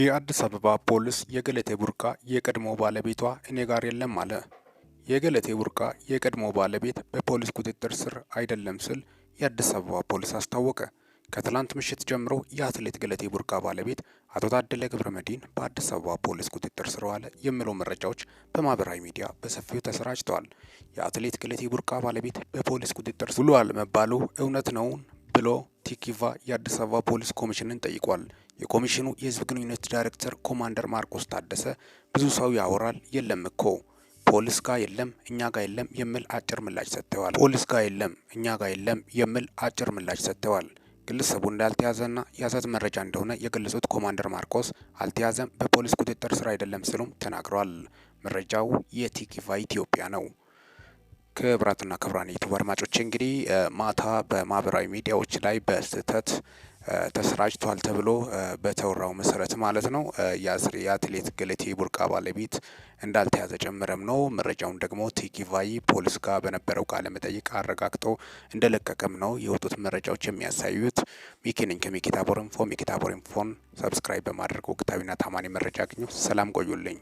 የአዲስ አበባ ፖሊስ የገለቴ ቡርቃ የቀድሞ ባለቤቷ እኔ ጋር የለም አለ። የገለቴ ቡርቃ የቀድሞ ባለቤት በፖሊስ ቁጥጥር ስር አይደለም ሲል የአዲስ አበባ ፖሊስ አስታወቀ። ከትላንት ምሽት ጀምሮ የአትሌት ገለቴ ቡርቃ ባለቤት አቶ ታደለ ገብረ መድህን በአዲስ አበባ ፖሊስ ቁጥጥር ስር ዋለ የሚሉ መረጃዎች በማህበራዊ ሚዲያ በሰፊው ተሰራጭተዋል። የአትሌት ገለቴ ቡርቃ ባለቤት በፖሊስ ቁጥጥር ስር ውሏል መባሉ እውነት ነውን ብሎ ቲኪቫ የአዲስ አበባ ፖሊስ ኮሚሽንን ጠይቋል። የኮሚሽኑ የህዝብ ግንኙነት ዳይሬክተር ኮማንደር ማርቆስ ታደሰ ብዙ ሰው ያወራል፣ የለም እኮ ፖሊስ ጋር የለም፣ እኛ ጋር የለም የሚል አጭር ምላሽ ሰጥተዋል። ፖሊስ ጋር የለም፣ እኛ ጋር የለም የሚል አጭር ምላሽ ሰጥተዋል። ግለሰቡ እንዳልተያዘና የአዛዝ መረጃ እንደሆነ የገለጹት ኮማንደር ማርቆስ አልተያዘም፣ በፖሊስ ቁጥጥር ስር አይደለም ሲሉም ተናግረዋል። መረጃው የቲክቫህ ኢትዮጵያ ነው። ክብራትና ክብራን ዩቱብ አድማጮች እንግዲህ ማታ በማህበራዊ ሚዲያዎች ላይ በስህተት ተሰራጭቷል ተብሎ በተወራው መሰረት ማለት ነው የአስር የአትሌት ገለቴ ቡርቃ ባለቤት እንዳልተያዘ ጨምረም ነው። መረጃውን ደግሞ ቴኪቫይ ፖሊስ ጋር በነበረው ቃለ መጠይቅ አረጋግጦ እንደለቀቀም ነው የወጡት መረጃዎች የሚያሳዩት። ሚኪንኝ ከሚኪታቦር ኢንፎ ሚኪታቦር ኢንፎን ሰብስክራይብ በማድረግ ወቅታዊና ታማኒ መረጃ አግኙ። ሰላም ቆዩልኝ።